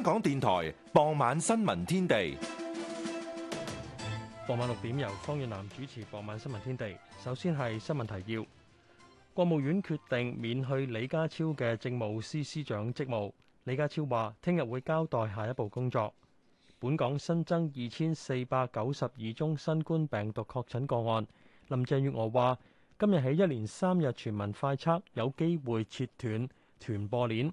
香港電台傍晚新聞天地。傍晚六點由方月南主持傍晚新聞天地。首先係新聞提要。國務院決定免去李家超嘅政務司司長職務。李家超話：聽日會交代下一步工作。本港新增二千四百九十二宗新冠病毒確診個案。林鄭月娥話：今日起一連三日全民快測，有機會切斷傳播鏈。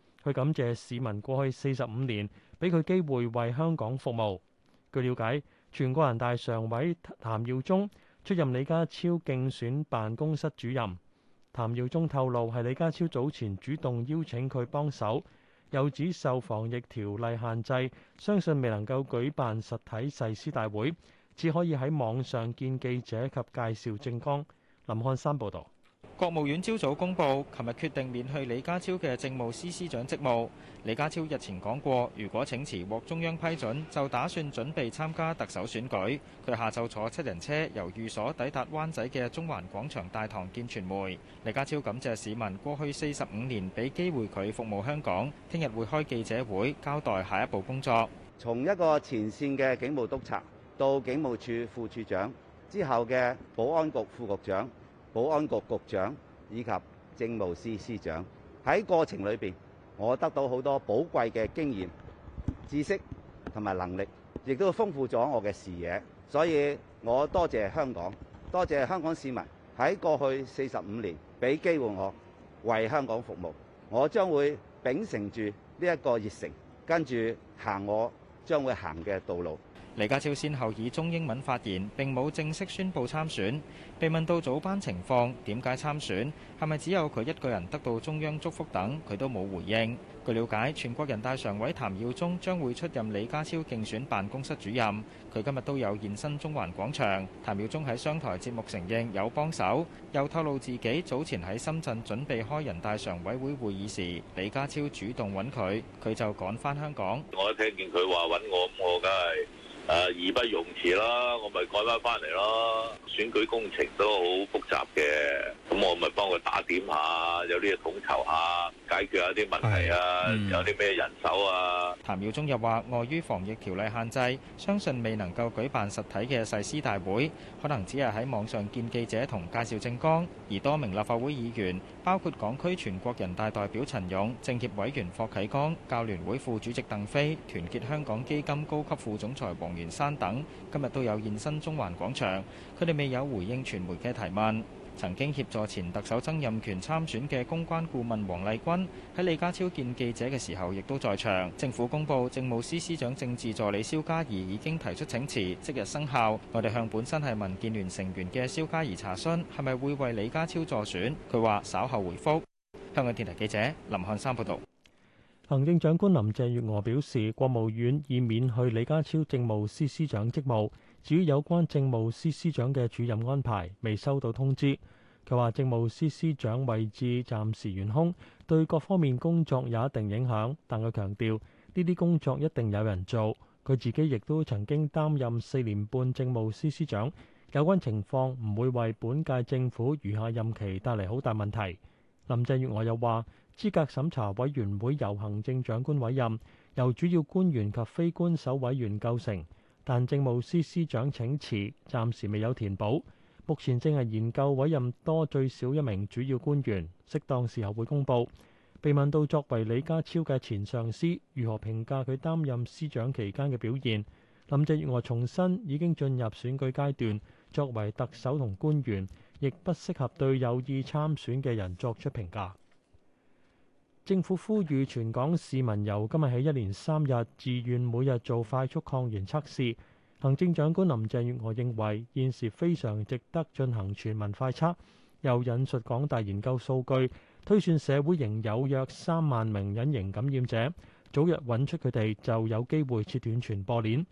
佢感謝市民過去四十五年俾佢機會為香港服務。據了解，全國人大常委譚耀宗出任李家超競選辦公室主任。譚耀宗透露係李家超早前主動邀請佢幫手，又指受防疫條例限制，相信未能夠舉辦實體誓師大會，只可以喺網上見記者及介紹政綱。林漢山報導。國務院朝早公布，琴日決定免去李家超嘅政務司司長職務。李家超日前講過，如果請辭獲中央批准，就打算準備參加特首選舉。佢下晝坐七人車由寓所抵達灣仔嘅中環廣場大堂見傳媒。李家超感謝市民過去四十五年俾機會佢服務香港，聽日會開記者會交代下一步工作。從一個前線嘅警務督察，到警務處副處長，之後嘅保安局副局長、保安局局長以及政務司司長，喺過程裏邊，我得到好多寶貴嘅經驗、知識同埋能力，亦都豐富咗我嘅視野。所以，我多謝香港，多謝香港市民喺過去四十五年俾機會我為香港服務，我將會秉承住呢一個熱誠跟住行我將會行嘅道路。李家超先後以中英文發言，並冇正式宣布參選。被問到組班情況，點解參選，係咪只有佢一個人得到中央祝福等，佢都冇回應。據了解，全國人大常委譚耀宗將會出任李家超競選辦公室主任。佢今日都有現身中環廣場。譚耀宗喺商台節目承認有幫手，又透露自己早前喺深圳準備開人大常委會會議時，李家超主動揾佢，佢就趕翻香港。我聽見佢話揾我，我梗係。誒義不容辭啦，我咪改翻翻嚟咯。選舉工程都好複雜嘅，咁我咪幫佢打點下，有啲嘢統籌下，解決下啲問題啊，嗯、有啲咩人手啊。譚耀宗又話，礙於防疫條例限制，相信未能夠舉辦實體嘅誓師大會，可能只係喺網上見記者同介紹政綱。而多名立法會議員，包括港區全國人大代表陳勇、政協委員霍啟剛、教聯會副主席鄧飛、團結香港基金高級副、副總裁黃袁山等今日都有現身中環廣場，佢哋未有回應傳媒嘅提問。曾經協助前特首曾蔭權參選嘅公關顧問黃麗君喺李家超見記者嘅時候亦都在場。政府公佈政務司司長政治助理蕭嘉怡已經提出請辭，即日生效。我哋向本身係民建聯成員嘅蕭嘉怡查詢，係咪會為李家超助選？佢話稍後回覆。香港電台記者林漢山報道。行政長官林鄭月娥表示，國務院已免去李家超政務司司長職務。至於有關政務司司長嘅主任安排，未收到通知。佢話政務司司長位置暫時懸空，對各方面工作有一定影響。但佢強調，呢啲工作一定有人做。佢自己亦都曾經擔任四年半政務司司長，有關情況唔會為本屆政府餘下任期帶嚟好大問題。林鄭月娥又話：資格審查委員會由行政長官委任，由主要官員及非官守委員構成，但政務司司長請辭，暫時未有填補。目前正係研究委任多最少一名主要官員，適當時候會公佈。被問到作為李家超嘅前上司，如何評價佢擔任司長期間嘅表現，林鄭月娥重申已經進入選舉階段，作為特首同官員，亦不適合對有意參選嘅人作出評價。政府呼籲全港市民由今日起一連三日，自願每日做快速抗原測試。行政長官林鄭月娥認為現時非常值得進行全民快測，又引述港大研究數據推算社會仍有約三萬名隱形感染者，早日揾出佢哋就有機會切斷傳播鏈。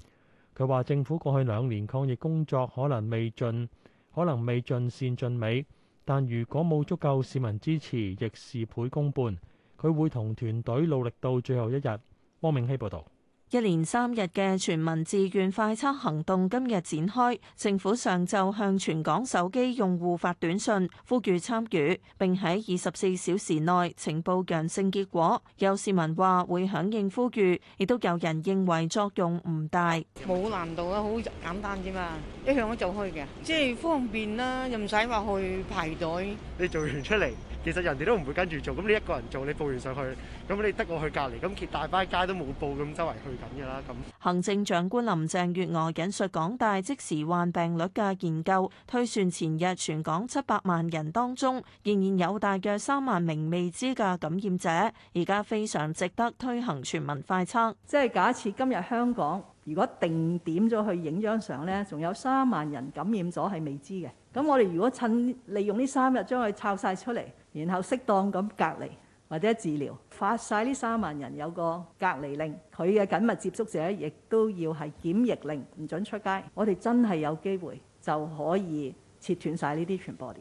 佢話：政府過去兩年抗疫工作可能未盡可能未盡善盡美，但如果冇足夠市民支持，亦事倍功半。佢會同團隊努力到最後一日。汪明希報導。一連三日嘅全民自願快測行動今日展開，政府上晝向全港手機用戶發短信呼籲參與，並喺二十四小時內呈報陽性結果。有市民話會響應呼籲，亦都有人認為作用唔大。冇難度啊，好簡單啫嘛，一向都做開嘅，即係方便啦，又唔使話去排隊。你做完出嚟。其實人哋都唔會跟住做，咁你一個人做，你報完上去，咁你得我去隔離，咁大班街都冇報，咁周圍去緊㗎啦。咁行政長官林鄭月娥引述港大即時患病率嘅研究，推算前日全港七百萬人當中，仍然有大約三萬名未知嘅感染者。而家非常值得推行全民快測，即係假設今日香港如果定點咗去影張相，呢仲有三萬人感染咗係未知嘅。咁我哋如果趁利用呢三日將佢抄晒出嚟。然後適當咁隔離或者治療，發晒呢三萬人有個隔離令，佢嘅緊密接觸者亦都要係檢疫令，唔准出街。我哋真係有機會就可以切斷晒呢啲傳播鏈。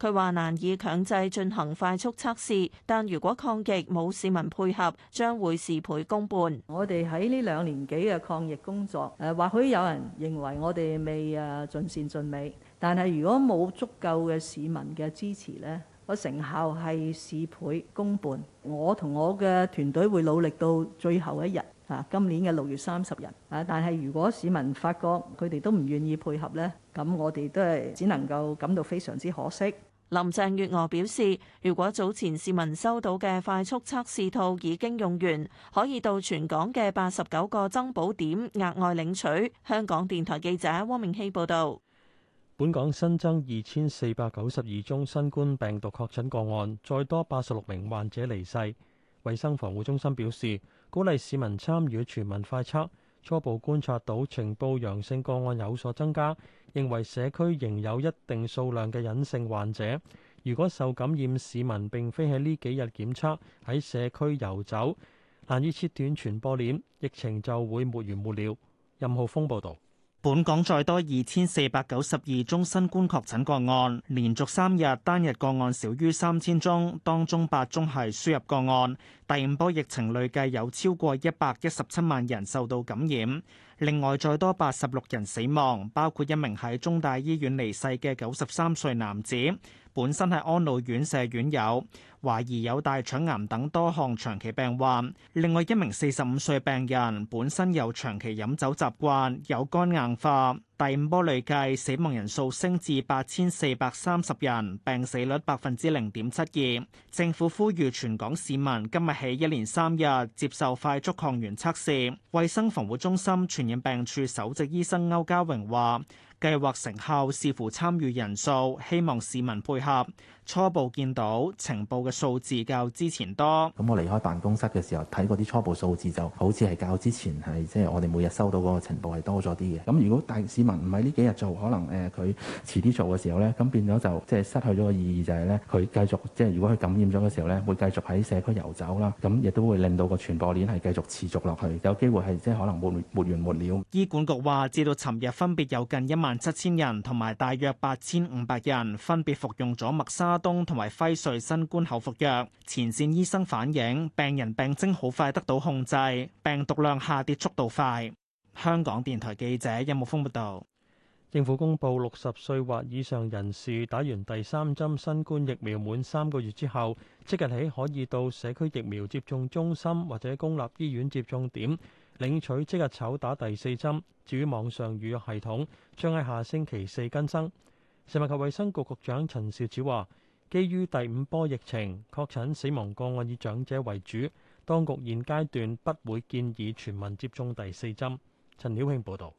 佢話難以強制進行快速測試，但如果抗疫冇市民配合，將會事倍功半。我哋喺呢兩年幾嘅抗疫工作誒，或許有人認為我哋未，誒盡善盡美，但係如果冇足夠嘅市民嘅支持呢。個成效係事倍功半，我同我嘅團隊會努力到最後一日，啊，今年嘅六月三十日。啊，但係如果市民發覺佢哋都唔願意配合呢，咁我哋都係只能夠感到非常之可惜。林鄭月娥表示，如果早前市民收到嘅快速測試套已經用完，可以到全港嘅八十九個增補點額外領取。香港電台記者汪明希報導。本港新增二千四百九十二宗新冠病毒確診個案，再多八十六名患者離世。衛生防護中心表示，鼓勵市民參與全民快測，初步觀察到呈報陽性個案有所增加，認為社區仍有一定數量嘅隱性患者。如果受感染市民並非喺呢幾日檢測喺社區遊走，難以切斷傳播鏈，疫情就會沒完沒了。任浩峰報道。本港再多二千四百九十二宗新冠確診個案，連續三日單日個案少於三千宗，當中八宗係輸入個案。第五波疫情累計有超過一百一十七萬人受到感染，另外再多八十六人死亡，包括一名喺中大醫院離世嘅九十三歲男子。本身係安老院舍院友，懷疑有大腸癌等多項長期病患。另外一名四十五歲病人本身有長期飲酒習慣，有肝硬化。第五波累計死亡人數升至八千四百三十人，病死率百分之零點七二。政府呼籲全港市民今日起一連三日接受快速抗原測試，衛生防護中心傳染病處首席醫生歐家榮話。計劃成效視乎參與人數，希望市民配合。初步見到情報嘅數字較之前多。咁我離開辦公室嘅時候睇嗰啲初步數字就，好似係較之前係即係我哋每日收到嗰個情報係多咗啲嘅。咁如果大市民唔係呢幾日做，可能誒佢遲啲做嘅時候咧，咁變咗就即係、就係、失去咗個意義、就係，就係咧佢繼續即係如果佢感染咗嘅時候咧，會繼續喺社區遊走啦，咁亦都會令到個傳播鏈係繼續持續落去，有機會係即係可能沒沒完沒了。醫管局話，至到尋日分別有近一萬七千人同埋大約八千五百人分別服用咗默沙。.巴東同埋輝瑞新冠口服藥，前線醫生反映病人病徵好快得到控制，病毒量下跌速度快。香港電台記者任木峰報道。政府公布六十歲或以上人士打完第三針新冠疫苗滿三個月之後，即日起可以到社區疫苗接種中心或者公立醫院接種點領取即日籌打第四針，至於網上預約系統將喺下星期四更新。食物及衛生局局長陳肇始話。基於第五波疫情，確診死亡個案以長者為主，當局現階段不會建議全民接種第四針。陳曉泳報導。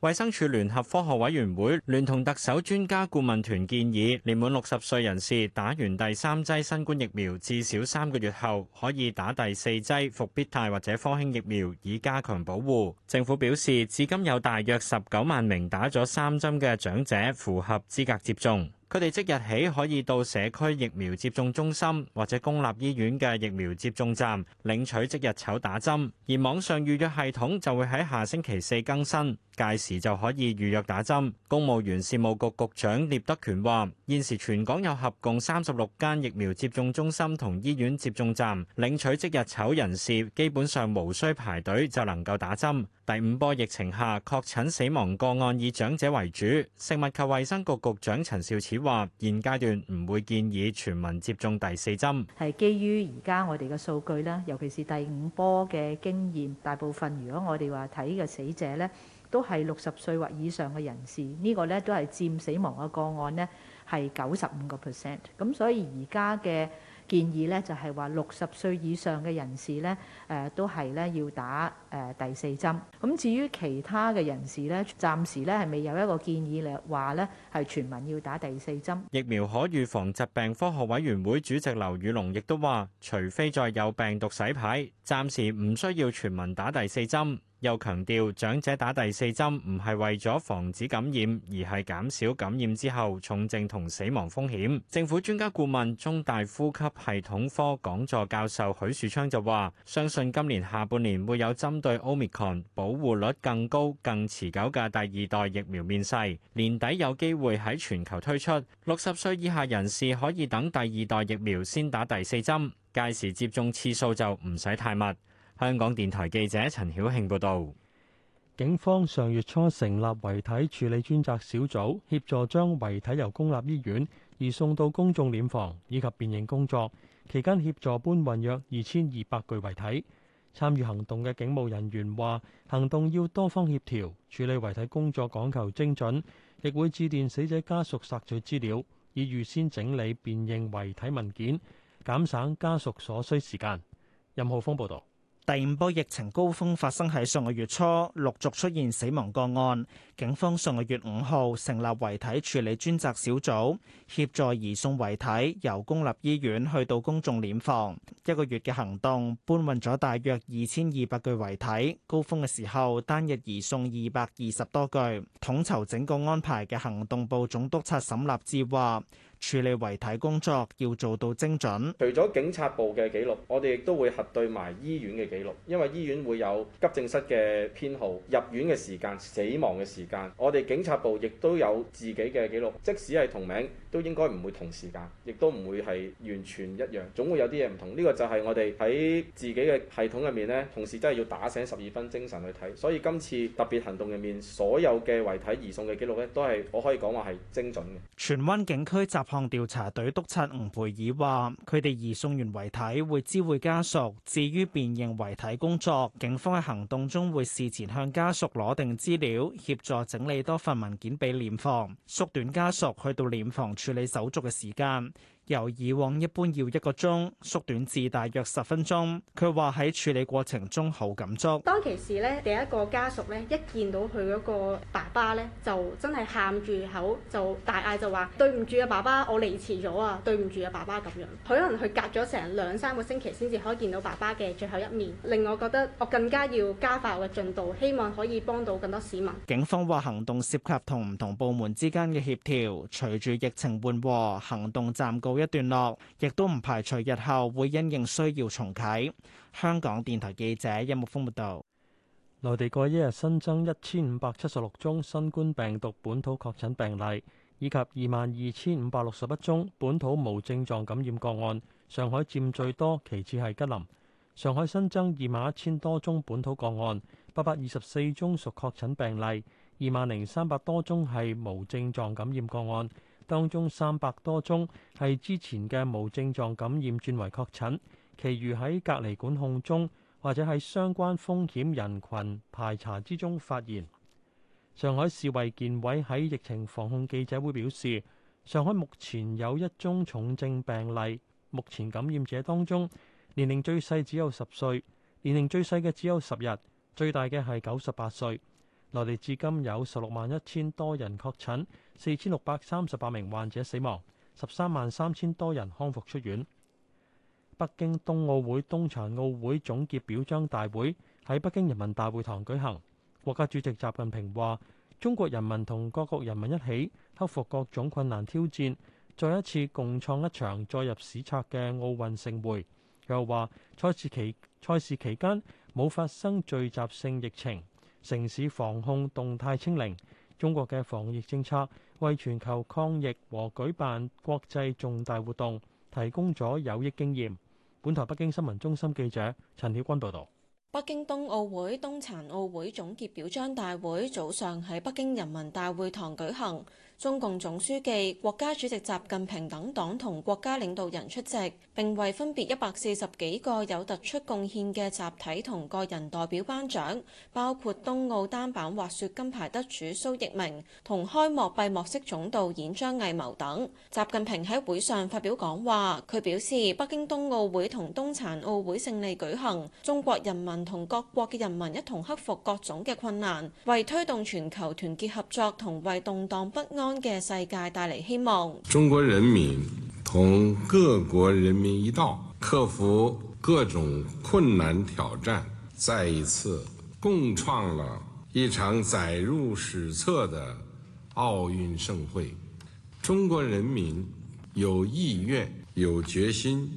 衛生署聯合科學委員會聯同特首專家顧問團建議，年滿六十歲人士打完第三劑新冠疫苗至少三個月後，可以打第四劑復必泰或者科興疫苗，以加強保護。政府表示，至今有大約十九萬名打咗三針嘅長者符合資格接種。佢哋即日起可以到社區疫苗接種中心或者公立醫院嘅疫苗接種站，領取即日籌打針，而網上預約系統就會喺下星期四更新。屆時就可以預約打針。公務員事務局局長聶德權話，現時全港有合共三十六間疫苗接種中心同醫院接種站，領取即日丑人士基本上無需排隊就能夠打針。第五波疫情下，確診死亡個案以長者為主。食物及衛生局局長陳肇始話，現階段唔會建議全民接種第四針，係基於而家我哋嘅數據咧，尤其是第五波嘅經驗，大部分如果我哋話睇嘅死者咧。都係六十歲或以上嘅人士，呢個咧都係佔死亡嘅個案呢係九十五個 percent。咁所以而家嘅建議呢，就係話六十歲以上嘅人士呢誒都係咧要打誒第四針。咁至於其他嘅人士呢，暫時呢係未有一個建議咧話呢係全民要打第四針。疫苗可預防疾病科學委員會主席劉宇龍亦都話，除非再有病毒洗牌，暫時唔需要全民打第四針。又強調，長者打第四針唔係為咗防止感染，而係減少感染之後重症同死亡風險。政府專家顧問、中大呼吸系統科講座教授許樹昌就話：相信今年下半年會有針對 Omicron 保護率更高、更持久嘅第二代疫苗面世，年底有機會喺全球推出。六十歲以下人士可以等第二代疫苗先打第四針，屆時接種次數就唔使太密。香港電台記者陳曉慶報道，警方上月初成立遺體處理專責小組，協助將遺體由公立醫院移送到公眾殮房以及辨認工作，期間協助搬運約二千二百具遺體。參與行動嘅警務人員話，行動要多方協調，處理遺體工作講求精準，亦會致電死者家屬索取資料，以預先整理辨認遺體文件，減省家屬所需時間。任浩峰報道。第五波疫情高峰發生喺上個月初，陸續出現死亡個案。警方上個月五號成立遺體處理專責小組，協助移送遺體由公立醫院去到公眾殮房。一個月嘅行動，搬運咗大約二千二百具遺體，高峰嘅時候單日移送二百二十多具。統籌整個安排嘅行動部總督察沈立志話。處理遺體工作要做到精準。除咗警察部嘅記錄，我哋亦都會核對埋醫院嘅記錄，因為醫院會有急症室嘅編號、入院嘅時間、死亡嘅時間。我哋警察部亦都有自己嘅記錄，即使係同名，都應該唔會同時間，亦都唔會係完全一樣，總會有啲嘢唔同。呢個就係我哋喺自己嘅系統入面咧，同時真係要打醒十二分精神去睇。所以今次特別行動入面，所有嘅遺體移送嘅記錄咧，都係我可以講話係精準嘅。荃灣警區雜項調查隊督察吳培爾話，佢哋移送完遺體會知會家屬。至於辨認遺體工作，警方喺行動中會事前向家屬攞定資料，協助整理多份文件俾殮房，縮短家屬去到殮房處理手續嘅時間。由以往一般要一個鐘縮短至大約十分鐘，佢話喺處理過程中好感觸。當其時呢，第一個家屬呢一見到佢嗰個爸爸呢就真係喊住口就大嗌就話，對唔住啊，爸爸，我嚟遲咗啊，對唔住啊，爸爸咁樣，可能佢隔咗成兩三個星期先至可以見到爸爸嘅最後一面，令我覺得我更加要加快我嘅進度，希望可以幫到更多市民。警方話行動涉及同唔同部門之間嘅協調，隨住疫情緩和，行動暫告告一段落，亦都唔排除日後會因應需要重啟。香港電台記者殷木鋒報道：內地過去一日新增一千五百七十六宗新冠病毒本土確診病例，以及二萬二千五百六十一宗本土無症狀感染個案。上海佔最多，其次係吉林。上海新增二萬一千多宗本土個案，八百二十四宗屬確診病例，二萬零三百多宗係無症狀感染個案。當中三百多宗係之前嘅無症狀感染轉為確診，其餘喺隔離管控中或者喺相關風險人群排查之中發現。上海市衛健委喺疫情防控記者會表示，上海目前有一宗重症病例，目前感染者當中年齡最細只有十歲，年齡最細嘅只有十日，最大嘅係九十八歲。內地至今有十六萬一千多人確診。四千六百三十八名患者死亡，十三萬三千多人康復出院。北京冬奧會、冬殘奧會總結表彰大會喺北京人民大會堂舉行。國家主席習近平話：中國人民同各國人民一起克服各種困難挑戰，再一次共創一場載入史冊嘅奧運盛會。又話賽事期賽事期間冇發生聚集性疫情，城市防控動態清零，中國嘅防疫政策。為全球抗疫和舉辦國際重大活動提供咗有益經驗。本台北京新聞中心記者陳曉君報道：北京冬奧會、冬殘奧會總結表彰大會早上喺北京人民大會堂舉行。中共總書記、國家主席習近平等黨同國家領導人出席，並為分別一百四十幾個有突出貢獻嘅集體同個人代表頒獎，包括冬奧單板滑雪金牌得主蘇翊鳴同開幕閉幕式總導演張藝謀等。習近平喺會上發表講話，佢表示北京冬奧會同冬殘奧會勝利舉行，中國人民同各國嘅人民一同克服各種嘅困難，為推動全球團結合作同為動盪不安嘅世界帶嚟希望。中國人民同各國人民一道克服各種困難挑戰，再一次共創了一場載入史冊的奧運盛會，中國人民有意願、有決心，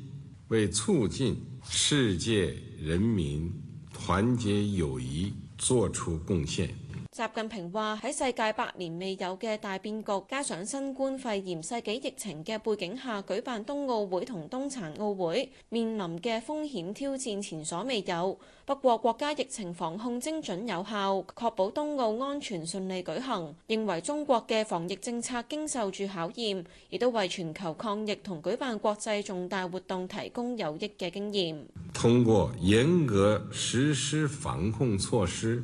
為促進世界人民團結友誼做出貢獻。習近平話喺世界百年未有嘅大變局，加上新冠肺炎世紀疫情嘅背景下舉辦冬奧會同冬殘奧會，面臨嘅風險挑戰前所未有。不過國家疫情防控精準有效，確保冬奧安全順利舉行。認為中國嘅防疫政策經受住考驗，亦都為全球抗疫同舉辦國際重大活動提供有益嘅經驗。通過嚴格實施防控措施。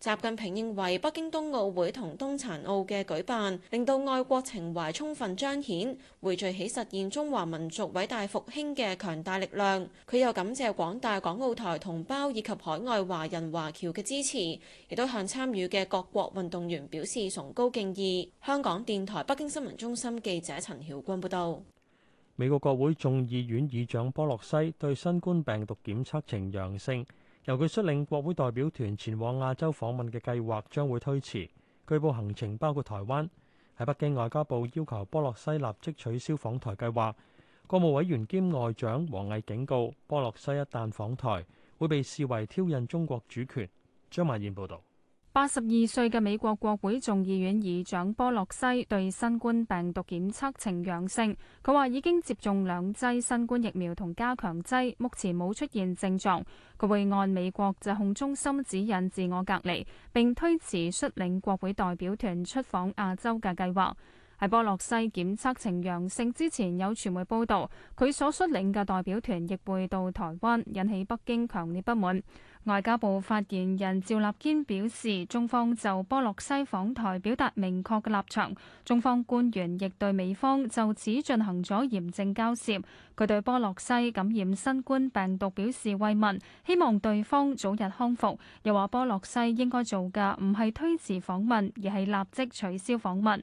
習近平認為北京冬奧會同冬殘奧嘅舉辦，令到愛國情懷充分彰顯，匯聚起實現中華民族偉大復興嘅強大力量。佢又感謝廣大港澳台同胞以及海外華人華僑嘅支持，亦都向參與嘅各國運動員表示崇高敬意。香港電台北京新聞中心記者陳曉君報道。美國國會眾議院議長波洛西對新冠病毒檢測呈陽性。由佢率領國會代表團前往亞洲訪問嘅計劃將會推遲。據報行程包括台灣。喺北京外交部要求波洛西立即取消訪台計劃。國務委員兼外長王毅警告波洛西一旦訪台，會被視為挑釁中國主權。張曼燕報導。八十二歲嘅美國國會眾議院議長波洛西對新冠病毒檢測呈陽性，佢話已經接種兩劑新冠疫苗同加強劑，目前冇出現症狀，佢會按美國疾控中心指引自我隔離，並推遲率領國會代表團出訪亞洲嘅計劃。喺波洛西檢測呈陽性之前，有傳媒報道佢所率領嘅代表團亦會到台灣，引起北京強烈不滿。外交部發言人趙立堅表示，中方就波洛西訪台表達明確嘅立場，中方官員亦對美方就此進行咗嚴正交涉。佢對波洛西感染新冠病毒表示慰問，希望對方早日康復。又話波洛西應該做嘅唔係推遲訪問，而係立即取消訪問。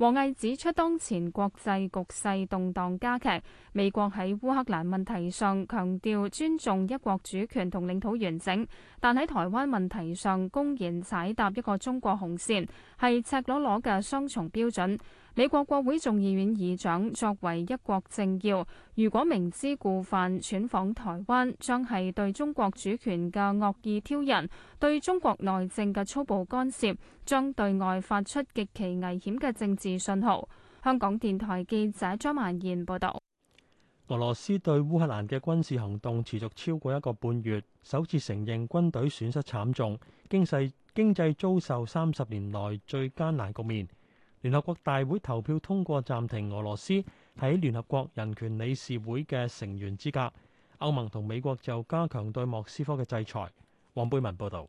王毅指出，當前國際局勢動盪加劇，美國喺烏克蘭問題上強調尊重一國主權同領土完整，但喺台灣問題上公然踩踏一個中國紅線，係赤裸裸嘅雙重標準。美國國會眾議院議長作為一國政要，如果明知故犯竄訪台灣，將係對中國主權嘅惡意挑釁，對中國內政嘅粗暴干涉，將對外發出極其危險嘅政治信號。香港電台記者張曼賢報道。俄羅斯對烏克蘭嘅軍事行動持續超過一個半月，首次承認軍隊損失慘重，經濟經濟遭受三十年內最艱難局面。聯合國大會投票通過暫停俄羅斯喺聯合國人權理事會嘅成員資格，歐盟同美國就加強對莫斯科嘅制裁。黃貝文報導。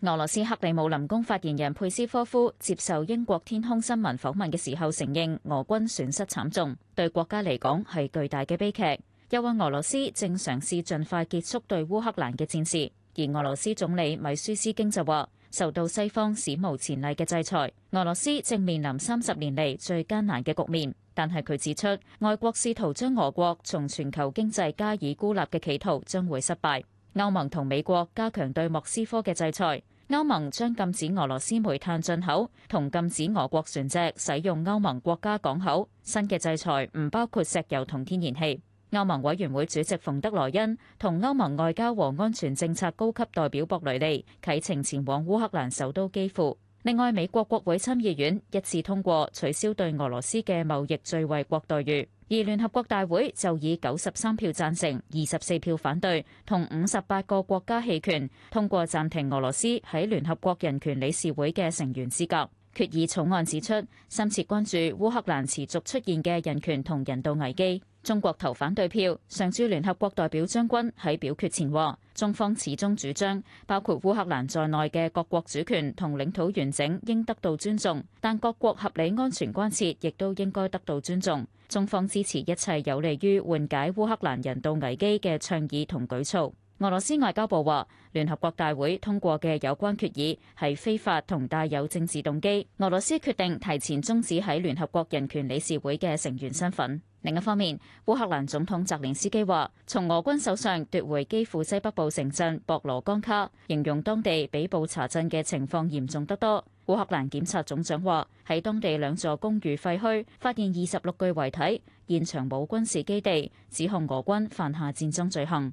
俄羅斯克里姆林宮發言人佩斯科夫接受英國天空新聞訪問嘅時候承認，俄軍損失慘重，對國家嚟講係巨大嘅悲劇。又話俄羅斯正嘗試盡快結束對烏克蘭嘅戰事，而俄羅斯總理米舒斯京就話。受到西方史無前例嘅制裁，俄羅斯正面臨三十年嚟最艱難嘅局面。但係佢指出，外國試圖將俄國從全球經濟加以孤立嘅企圖將會失敗。歐盟同美國加強對莫斯科嘅制裁，歐盟將禁止俄羅斯煤炭進口，同禁止俄國船隻使用歐盟國家港口。新嘅制裁唔包括石油同天然氣。歐盟委員會主席馮德萊恩同歐盟外交和安全政策高級代表博雷利啟程前往烏克蘭首都基輔。另外，美國國會參議院一致通過取消對俄羅斯嘅貿易最惠國待遇，而聯合國大會就以九十三票贊成、二十四票反對同五十八個國家棄權，通過暫停俄羅斯喺聯合國人權理事會嘅成員資格。決議草案指出，深切關注烏克蘭持續出現嘅人權同人道危機。中國投反對票。上週聯合國代表張軍喺表決前話：中方始終主張，包括烏克蘭在內嘅各國主權同領土完整應得到尊重，但各國合理安全關切亦都應該得到尊重。中方支持一切有利於緩解烏克蘭人道危機嘅倡議同舉措。俄羅斯外交部話，聯合國大會通過嘅有關決議係非法同帶有政治動機。俄羅斯決定提前終止喺聯合國人權理事會嘅成員身份。另一方面，烏克蘭總統澤連斯基話，從俄軍手上奪回基輔西北部城鎮博羅江卡，形容當地比布查鎮嘅情況嚴重得多。烏克蘭檢察總長話，喺當地兩座公寓廢墟發現二十六具遺體，現場冇軍事基地，指控俄軍犯下戰爭罪行。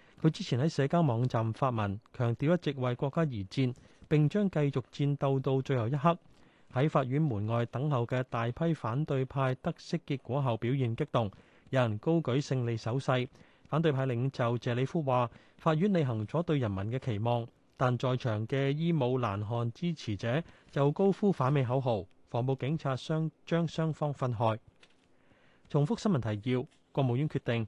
佢之前喺社交網站發文，強調一直為國家而戰，並將繼續戰鬥到最後一刻。喺法院門外等候嘅大批反對派得悉結果後，表現激動，有人高舉勝利手勢。反對派領袖謝里夫話：法院履行咗對人民嘅期望，但在場嘅伊姆蘭汗支持者又高呼反美口號。防暴警察將將雙方分開。重複新聞提要：國務院決定。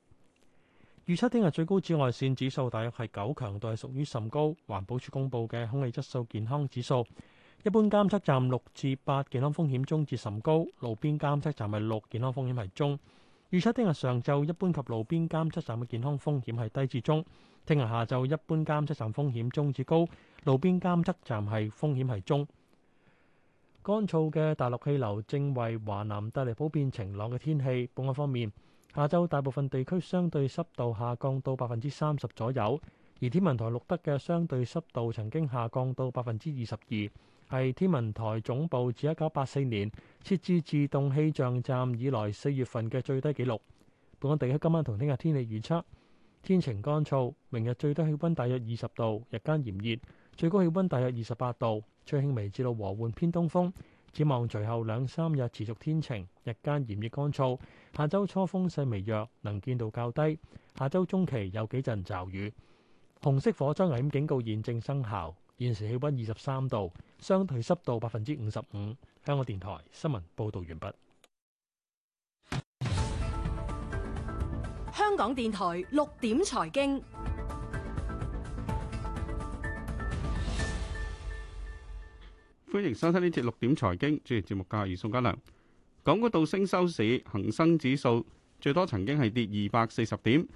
預測聽日最高紫外線指數大約係九，強度係屬於甚高。環保署公布嘅空氣質素健康指數，一般監測站六至八，健康風險中至甚高；路邊監測站係六，健康風險係中。預測聽日上晝一般及路邊監測站嘅健康風險係低至中。聽日下晝一般監測站風險中至高，路邊監測站係風險係中。乾燥嘅大陸氣流正為華南帶嚟普遍晴朗嘅天氣。保安方面。下晝大部分地區相對濕度下降到百分之三十左右，而天文台錄得嘅相對濕度曾經下降到百分之二十二，係天文台總部自一九八四年設置自動氣象站以來四月份嘅最低紀錄。本港地區今晚同聽日天氣預測，天晴乾燥，明日最低氣温大約二十度，日間炎熱，最高氣温大約二十八度，吹輕微至到和緩偏東風。展望隨後兩三日持續天晴，日間炎熱乾燥。下周初風勢微弱，能見度較低。下周中期有幾陣驟雨。紅色火災危險警告現正生效。現時氣温二十三度，相對濕度百分之五十五。香港電台新聞報道完畢。香港電台六點財經。歡迎收聽呢節六點財經，主持節目嘅係宋嘉良。港股倒升收市，恒生指數最多曾經係跌二百四十點，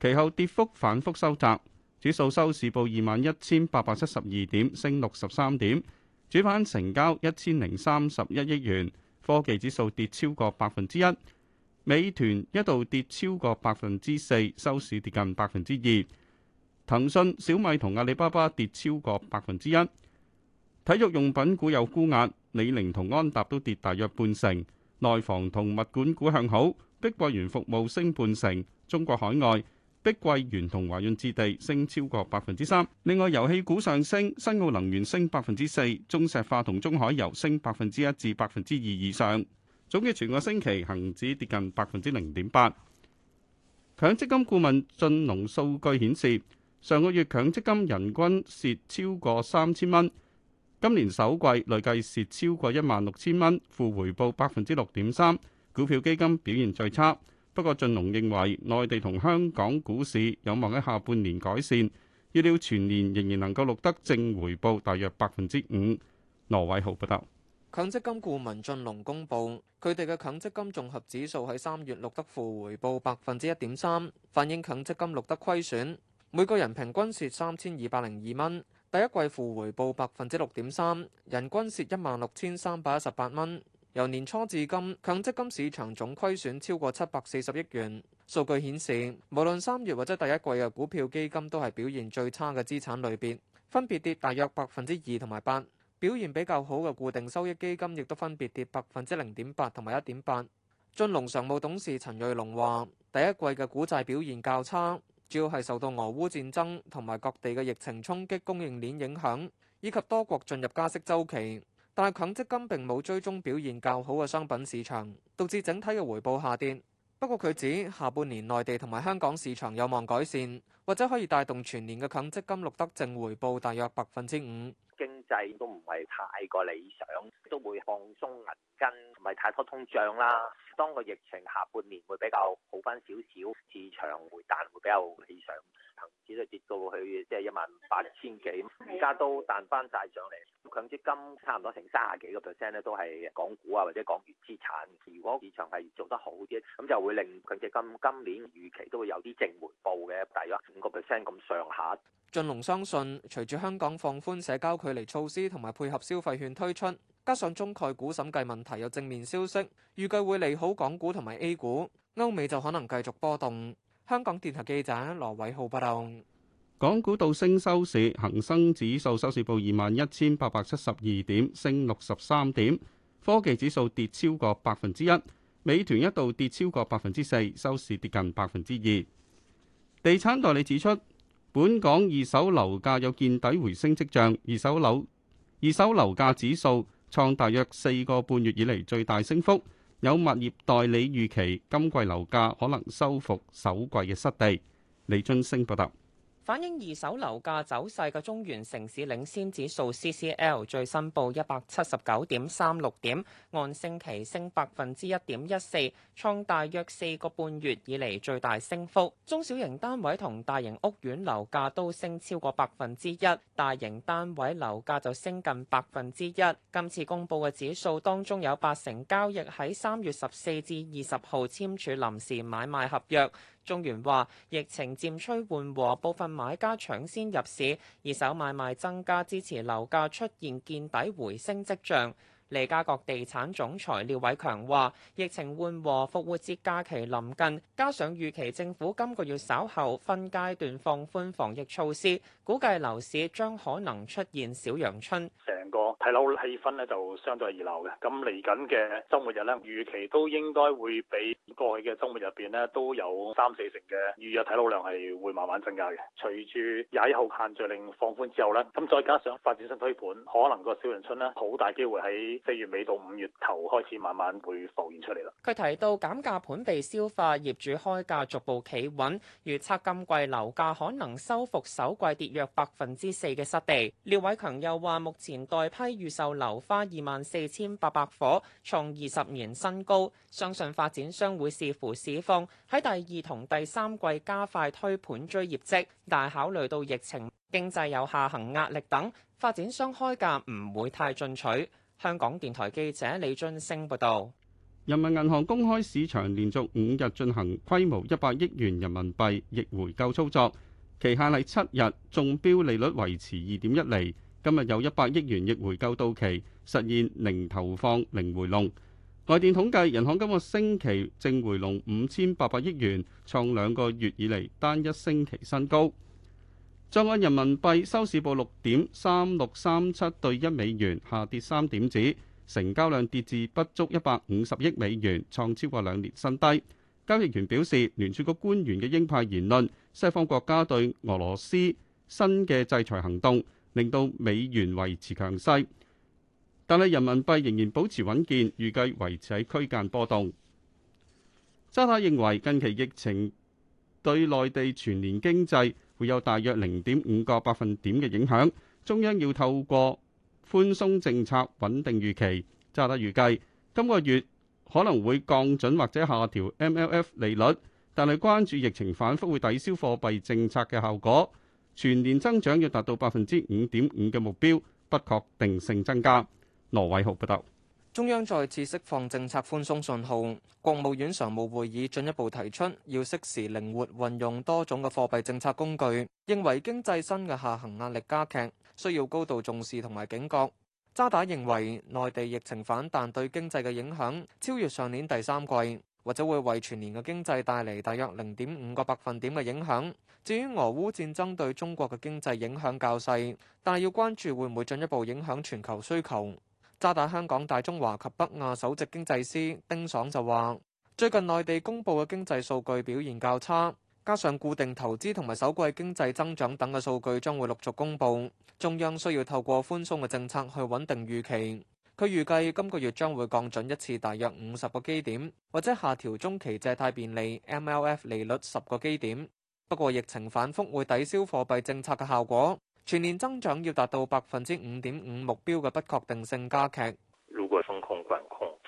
其後跌幅反覆收窄，指數收市報二萬一千八百七十二點，升六十三點。主板成交一千零三十一億元，科技指數跌超過百分之一，美團一度跌超過百分之四，收市跌近百分之二。騰訊、小米同阿里巴巴跌超過百分之一。體育用品股有沽壓，李寧同安踏都跌大約半成。內房同物管股向好，碧桂園服務升半成。中國海外、碧桂園同華潤置地升超過百分之三。另外，油氣股上升，新奧能源升百分之四，中石化同中海油升百分之一至百分之二以上。總結全個星期，恒指跌近百分之零點八。強積金顧問駿龍數據顯示，上個月強積金人均蝕超過三千蚊。今年首季累計蝕超過一萬六千蚊，負回報百分之六點三。股票基金表現最差，不過俊龍認為內地同香港股市有望喺下半年改善，預料全年仍然能夠錄得正回報大約百分之五。羅偉豪報道，強積金顧問俊龍公布，佢哋嘅強積金綜合指數喺三月錄得負回報百分之一點三，反映強積金錄得虧損，每個人平均蝕三千二百零二蚊。第一季負回報百分之六點三，人均蝕一萬六千三百一十八蚊。由年初至今，強積金市場總虧損超過七百四十億元。數據顯示，無論三月或者第一季嘅股票基金都係表現最差嘅資產類別，分別跌大約百分之二同埋八。表現比較好嘅固定收益基金亦都分別跌百分之零點八同埋一點八。俊龍常務董事陳瑞龍話：第一季嘅股債表現較差。主要係受到俄烏戰爭同埋各地嘅疫情衝擊供應鏈影響，以及多國進入加息周期，但係強積金並冇追蹤表現較好嘅商品市場，導致整體嘅回報下跌。不過佢指下半年內地同埋香港市場有望改善，或者可以帶動全年嘅強積金錄得正回報，大約百分之五。都唔係太過理想，都會放鬆銀根，唔係太多通脹啦。當個疫情下半年會比較好翻少少，市場回彈會比較理想。只數跌到去即係一萬八千幾，而家都彈翻晒上嚟。強積金差唔多成三十幾個 percent 咧，都係港股啊或者港元資產。如果市場係做得好啲，咁就會令強積金今年預期都會有啲正回報嘅，大約五個 percent 咁上下。俊龍相信，隨住香港放寬社交距離措施同埋配合消費券推出，加上中概股審計問題有正面消息，預計會利好港股同埋 A 股，歐美就可能繼續波動。香港電台記者羅偉浩報道：港股倒升收市，恒生指數收市報二萬一千八百七十二點，升六十三點。科技指數跌超過百分之一，美團一度跌超過百分之四，收市跌近百分之二。地產代理指出，本港二手樓價有見底回升跡象，二手樓二手樓價指數創大約四個半月以來最大升幅。有物業代理預期，今季樓價可能收復首季嘅失地。李俊升報道。反映二手樓價走勢嘅中原城市領先指數 CCL 最新報一百七十九點三六點，按星期升百分之一點一四，創大約四個半月以嚟最大升幅。中小型單位同大型屋苑樓價都升超過百分之一，大型單位樓價就升近百分之一。今次公佈嘅指數當中有八成交易喺三月十四至二十號簽署臨時買賣合約。中原話，疫情漸趨緩和，部分買家搶先入市，二手買賣增加，支持樓價出現見底回升跡象。利嘉閣地產總裁廖偉強話：疫情緩和、復活節假期臨近，加上預期政府今個月稍後分階段放寬防疫措施，估計樓市將可能出現小陽春。個睇樓氣氛呢，就相對係熱鬧嘅，咁嚟緊嘅週末日呢，預期都應該會比過去嘅週末入邊呢都有三四成嘅預約睇樓量係會慢慢增加嘅。隨住廿一號限聚令放寬之後呢，咁再加上發展商推盤，可能個小陽春呢，好大機會喺四月尾到五月頭開始慢慢會浮現出嚟啦。佢提到減價盤被消化，業主開價逐步企穩，預測今季樓價可能收復首季跌約百分之四嘅失地。廖偉強又話：目前外批預售樓花二萬四千八百伙，創二十年新高。相信發展商會視乎市況，喺第二同第三季加快推盤追業績，但係考慮到疫情、經濟有下行壓力等，發展商開價唔會太進取。香港電台記者李津升報道。人民銀行公開市場連續五日進行規模一百億元人民幣逆回購操作，期限係七日，中標利率維持二點一厘。今日有一百億元逆回購到期，實現零投放零回籠。外電統計，人行今個星期正回籠五千八百億元，創兩個月以嚟單一星期新高。在岸人民幣收市報六點三六三七對一美元，下跌三點子，成交量跌至不足一百五十億美元，創超過兩年新低。交易員表示，聯儲局官員嘅鷹派言論，西方國家對俄羅斯新嘅制裁行動。令到美元維持強勢，但係人民幣仍然保持穩健，預計維持喺區間波動。渣打認為近期疫情對內地全年經濟會有大約零點五個百分點嘅影響，中央要透過寬鬆政策穩定預期。渣打預計今個月可能會降準或者下調 MLF 利率，但係關注疫情反覆會抵消貨幣政策嘅效果。全年增長要達到百分之五點五嘅目標，不確定性增加。羅偉豪報導，中央再次釋放政策寬鬆信號。國務院常務會議進一步提出，要適時靈活運用多種嘅貨幣政策工具，認為經濟新嘅下行壓力加劇，需要高度重視同埋警覺。渣打認為，內地疫情反彈對經濟嘅影響超越上年第三季。或者會為全年嘅經濟帶嚟大約零點五個百分點嘅影響。至於俄烏戰爭對中國嘅經濟影響較細，但係要關注會唔會進一步影響全球需求。渣打香港大中華及北亞首席經濟師丁爽就話，最近內地公布嘅經濟數據表現較差，加上固定投資同埋首季經濟增長等嘅數據將會陸續公布，中央需要透過寬鬆嘅政策去穩定預期。佢預計今個月將會降準一次，大約五十個基點，或者下調中期借貸便利 （MLF） 利率十個基點。不過疫情反覆會抵消貨幣政策嘅效果，全年增長要達到百分之五點五目標嘅不確定性加劇。如果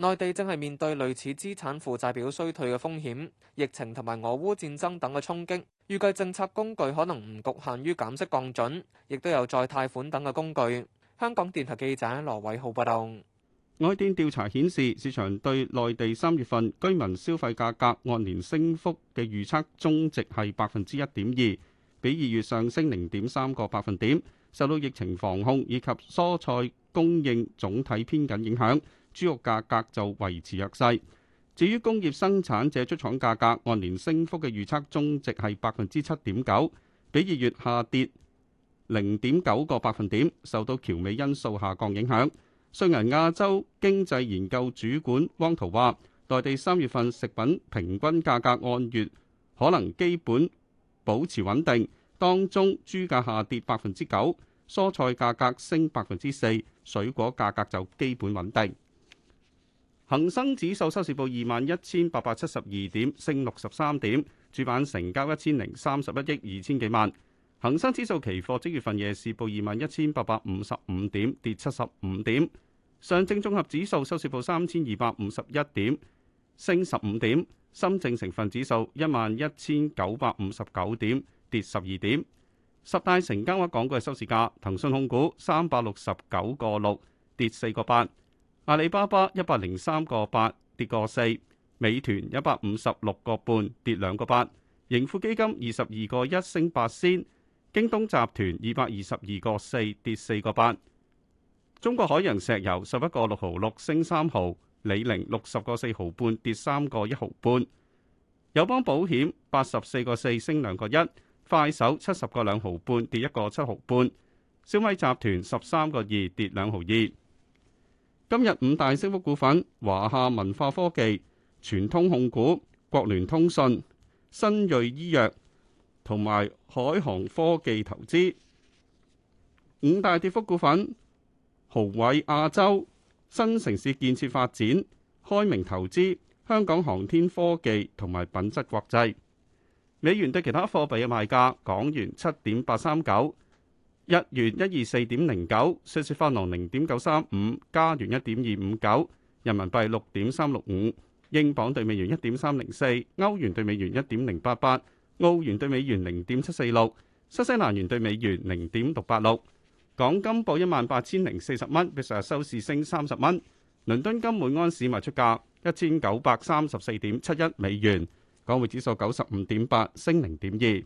內地正係面對類似資產負債表衰退嘅風險、疫情同埋俄烏戰爭等嘅衝擊，預計政策工具可能唔局限於減息降準，亦都有再貸款等嘅工具。香港電台記者羅偉浩報道。外電調查顯示，市場對內地三月份居民消費價格按年升幅嘅預測中值係百分之一點二，比二月上升零點三個百分點，受到疫情防控以及蔬菜供應總體偏緊影響。豬肉價格就維持弱勢。至於工業生產者出廠價格按年升幅嘅預測，中值係百分之七點九，比二月下跌零點九個百分點，受到翹尾因素下降影響。瑞銀亞洲經濟研究主管汪濤話：內地三月份食品平均價格按月可能基本保持穩定，當中豬價下跌百分之九，蔬菜價格升百分之四，水果價格就基本穩定。恒生指數收市報二萬一千八百七十二點，升六十三點。主板成交一千零三十一億二千幾萬。恒生指數期貨即月份夜市報二萬一千八百五十五點，跌七十五點。上證綜合指數收市報三千二百五十一點，升十五點。深證成分指數一萬一千九百五十九點，跌十二點。十大成交額港股嘅收市價，騰訊控股三百六十九個六，跌四個八。阿里巴巴一百零三個八跌個四，美團一百五十六個半跌兩個八，盈富基金二十二個一升八仙，京東集團二百二十二個四跌四個八，中國海洋石油十一個六毫六升三毫，李寧六十個四毫半跌三個一毫半，友邦保險八十四個四升兩個一，快手七十個兩毫半跌一個七毫半，小米集團十三個二跌兩毫二。今日五大升幅股份：華夏文化科技、全通控股、國聯通訊、新銳醫藥，同埋海航科技投資。五大跌幅股份：豪偉亞洲、新城市建設發展、開明投資、香港航天科技同埋品質國際。美元對其他貨幣嘅賣價：港元七點八三九。日元一二四點零九，瑞士法郎零點九三五，加元一點二五九，人民幣六點三六五，英鎊兌美元一點三零四，歐元兌美元一點零八八，澳元兌美元零點七四六，新西蘭元兌美元零點六八六。港金報一萬八千零四十蚊，比上日收市升三十蚊。倫敦金每安士賣出價一千九百三十四點七一美元，港匯指數九十五點八，升零點二。